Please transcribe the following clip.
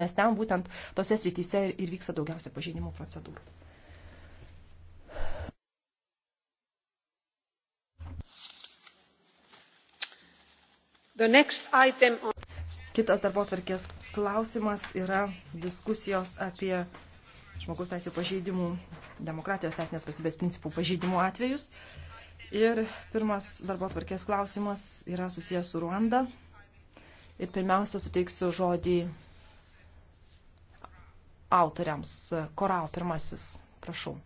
nes ten būtent tose srityse ir vyksta daugiausia pažeidimo procedūrų. On... Kitas darbo tvarkės klausimas yra diskusijos apie žmogaus teisų pažeidimų, demokratijos teisinės valstybės principų pažeidimų atvejus. Ir pirmas darbo tvarkės klausimas yra susijęs su Ruanda. Ir pirmiausia, suteiksiu žodį autoriams. Korao pirmasis. Prašau.